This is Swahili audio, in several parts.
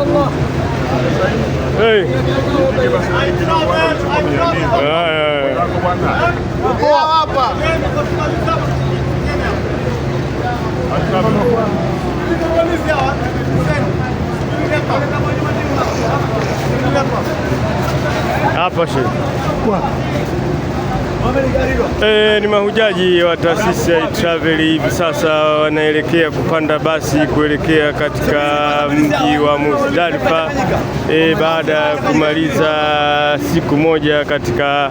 Hey. Apa sih? Wah. E, ni mahujaji wa taasisi ya travel hivi sasa wanaelekea kupanda basi kuelekea katika mji wa Muzdalifa e, eh, baada ya kumaliza siku moja katika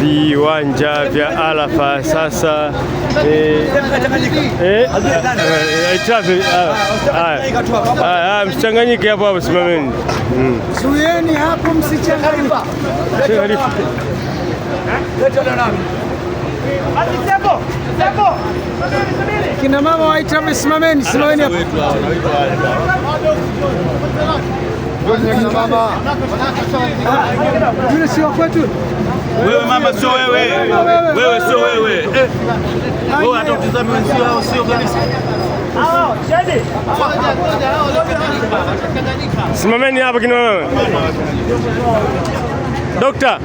viwanja vya Arafa. Sasa eh, ah, ah, ah, msichanganyike hapo hapo, simameni, hmm. zuieni hapo, msichanganyike. Kina mama waita, Itrap simameni, simameni hapa. Yule si wa kwetu. Wewe mama sio wewe. Wewe sio wewe. Eh. Wewe hata utazame wenzio hao sio kanisa. Simameni hapa kina mama. daktari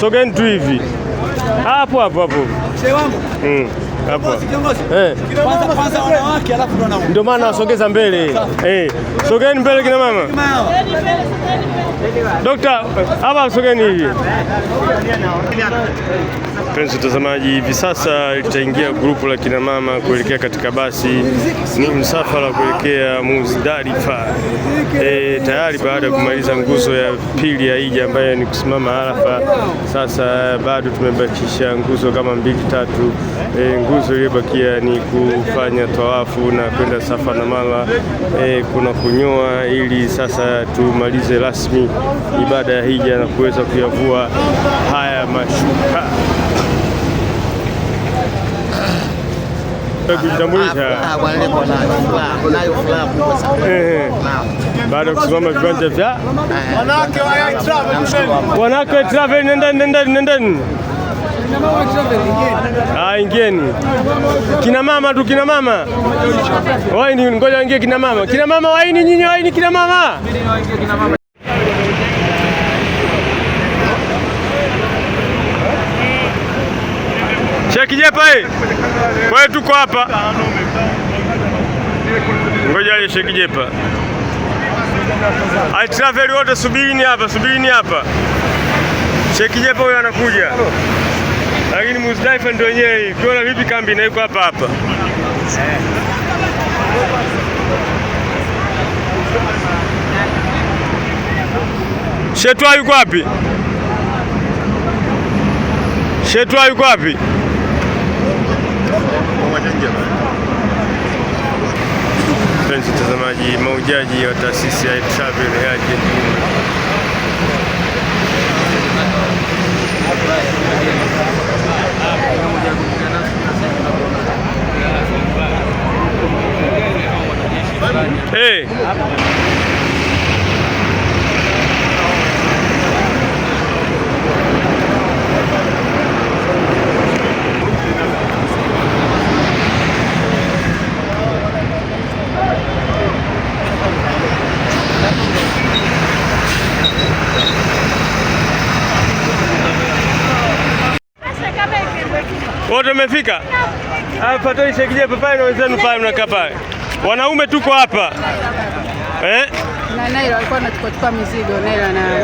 sogeni tu hivi hapo hapo hapo. Mzee wangu. Mm. Eh. ndio maana wasogeza mbele, eh. sogeni mbele kina mama. Dokta, hapa sogeni hivi. Mpenzi mtazamaji, hivi sasa litaingia grupu la kina mama kuelekea katika basi, ni msafara kuelekea Muzdalifa. E, eh, tayari baada ya kumaliza nguzo ya pili ya hija ambayo ni kusimama Arafa. Sasa bado tumebakisha nguzo kama mbili tatu, e, nguzo nguzo iliyobakia ni kufanya tawafu na kwenda Safa na mala e, kuna kunyoa, ili sasa tumalize rasmi ibada ya hija na kuweza kuyavua haya mashuka. Ah, ah, eh, eh. Baada ya kusimama viwanja vya eh. wanawake wa travel, nendeni nendeni nendeni. Ah, ingieni kina mama tu, kina mama waini, ngoja waingie kina mama, kina mama waini, nyinyi waini, kina mama cheki jepa wewe, tuko hapa, ngoja shekijepa jepa. Aitraveli wote, subirini hapa, subirini hapa, shekijepa huyo anakuja lakini Muzdaifa ndio wenyewe Ukiona vipi, kambi inaiko hapa hapa. Shetwa yuko wapi? Shetwa yuko wapi? Mpenzi mtazamaji, maujaji wa taasisi ya Travel Agent oye! Wote mmefika? Hapa ah, tuishekilie papai na wenzenu pale mnakaa pale wanaume tuko hapa eh?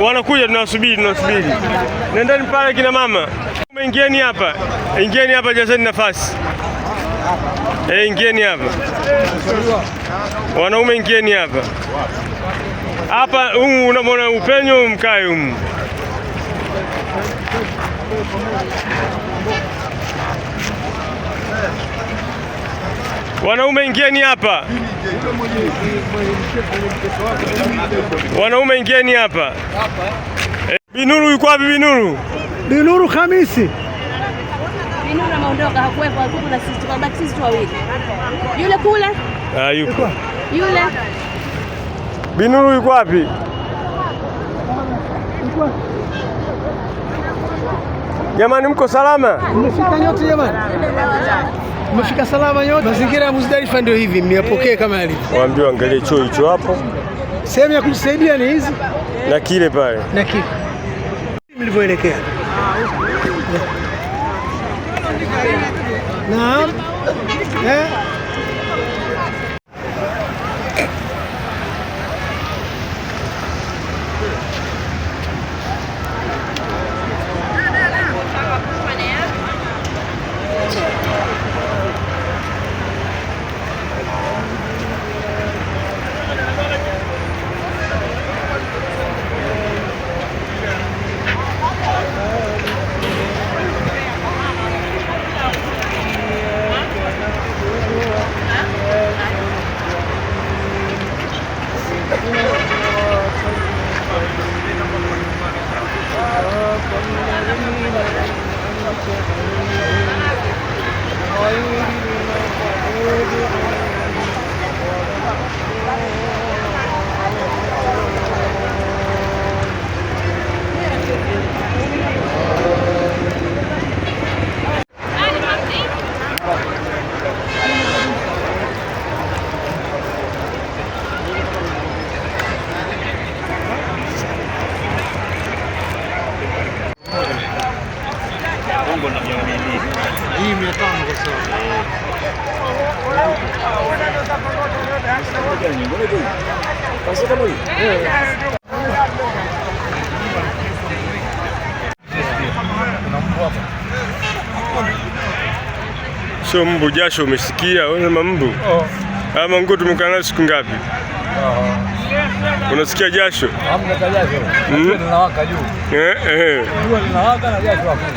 Wanakuja, tunawasubiri tunawasubiri. Nendeni pale kina mama, ingieni hapa, ingieni hapa, jaseni nafasi eh, ingieni hapa wanaume, ingieni hapa hapa, humu unamwona upenyo, mkae humu. Wanaume ingieni hapa, wanaume ingieni hapa. Eh, Binuru yuko wapi? Binuru, Binuru Khamisi Binuru ameondoka, hakuwepo. Tukabaki sisi wawili, yule kule ah, yuko yule. Binuru yuko wapi? Jamani, mko salama? Mmefika nyote jamani? Umefika salama nyote? Mazingira ya Muzdalifa ndio hivi, miyapokee eh. kama yalivyo. Waambie angalie choo hicho hapo. Sehemu ya kujisaidia ni hizi na kile pale na kile mlivyoelekea. Ah, Naam. Eh? Sio mbu, jasho umesikia? Unasema mbu oh. ama nguo tumekaa nayo siku ngapi? Oh. Unasikia jasho? Hmm? Eh, eh.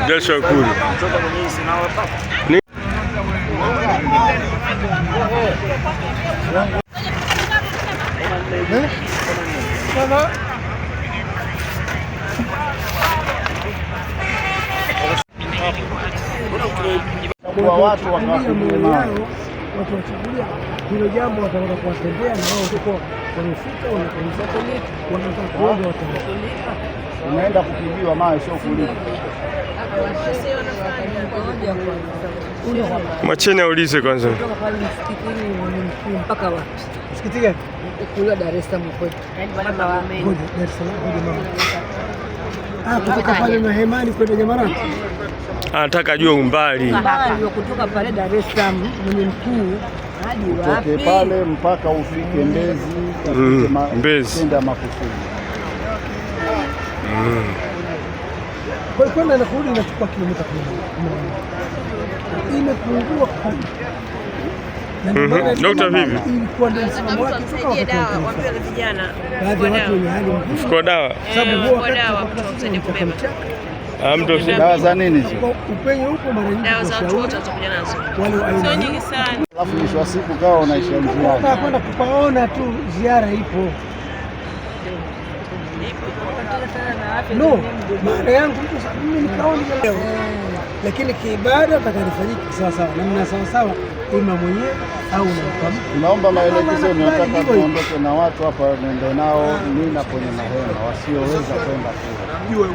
Jasho hakuna. sana. Kwa watu wakawafikia watu hilo jambo, wataenda kuwatembea na wao huko wanafika, wanakanisa kwenye wanataka kuomba, watakulipa. Unaenda kupigiwa mawe, sio kulipa. Mwacheni aulize kwanza mpaka wapi. किती Dar es Salaam yaani ngoja Dar es Salaam ngoja mama ah kutoka pale na Hemani kwenda anataka ah, ajue umbali umbali wa kutoka pale Dar es Salaam mwenye mkuu hadi wapi pale mpaka ufike Mbezi mm, Mbezi kwenda Makufuli mm. kwa kwenda na kurudi inachukua kilomita 10 imepungua Yaani mhm. mfuko dawa eh, ah, dawa za nini? Alafu mwisho wa siku kawa unaisha mzima, kwenda kupaona tu, ziara ipo. No, maana yangu mimi nikaona, eh. lakini kiibada takalifanyika sawasawa, namna sawasawa ima mwenyewe au unampa. Tunaomba maelekezo, nataka tuondoke na watu hapa, nende nao nina kwenye mahema wasioweza kwenda kule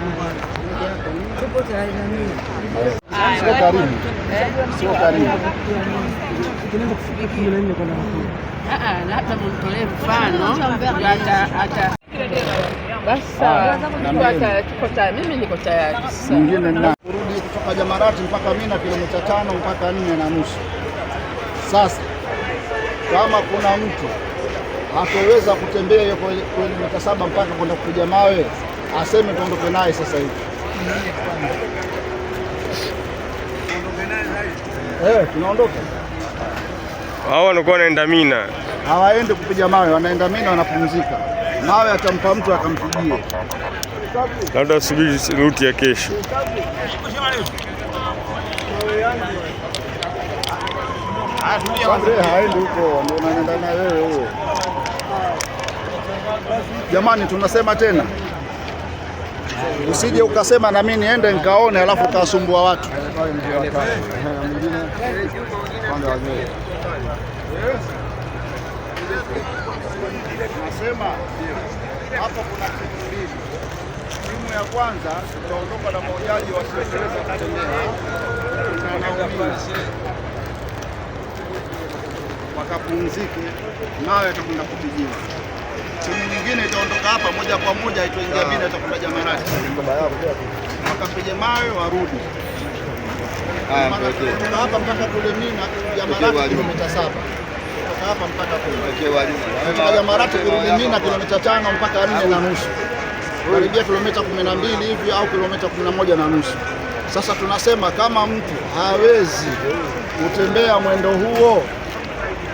eh? sio karibu, sio karibu ah, ah, labda mtolee mfano basi. Mimi niko tayari. Mwingine kurudi kutoka Jamarati mpaka Mina kilomita tano mpaka nne na nusu. Sasa kama kuna mtu hatoweza kutembea hiyo mita saba mpaka kwenda kupiga mawe, aseme tuondoke naye sasa hivi eh, tunaondoka. Hawa wanakuwa wanaenda mina, hawaendi kupiga mawe, wanaenda mina, wanapumzika. Mawe atampa mtu akampigie, labda subiri ruti ya kesho. Jamani, tunasema tena, usije ukasema na mimi niende nikaone, alafu ukawasumbua watu. Nasema hapo kuna timu mbili. Timu ya kwanza tutaondoka na mahujaji wasioeleza kutembea akapumzike, nayo atakwenda kupigiwa. Timu nyingine itaondoka hapa moja kwa moja, itaingia bila atakwenda Jamarati, wakapige mawe warudi hapa mpaka kule Mina. Jamarati kilomita saba kutoka hapa mpaka kule Jamarati, kurudi Mina kilomita tano mpaka nne na nusu karibia kilomita 12 hivi au kilomita 11 na nusu. Sasa tunasema kama mtu hawezi kutembea mwendo huo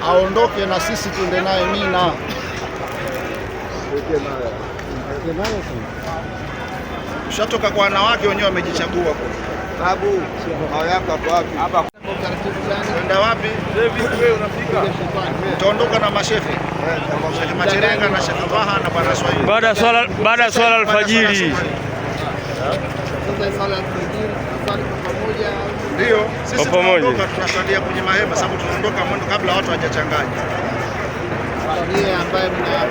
aondoke na sisi tuende naye Mina. Ushatoka kwa wanawake wenyewe wamejichagua. Babu, hao yako hapo wapi? Hapa kwenda wapi? Wewe unafika. Utaondoka na mashefe. Eh, Sheikh Macherenga na Sheikh Baha na Bwana Swahili. Baada swala baada swala alfajiri. Sasa swala alfajiri. Ndio, sisi tunaondoka tunasalia kwenye mahema sababu tunaondoka mwendo kabla watu hawajachanganya.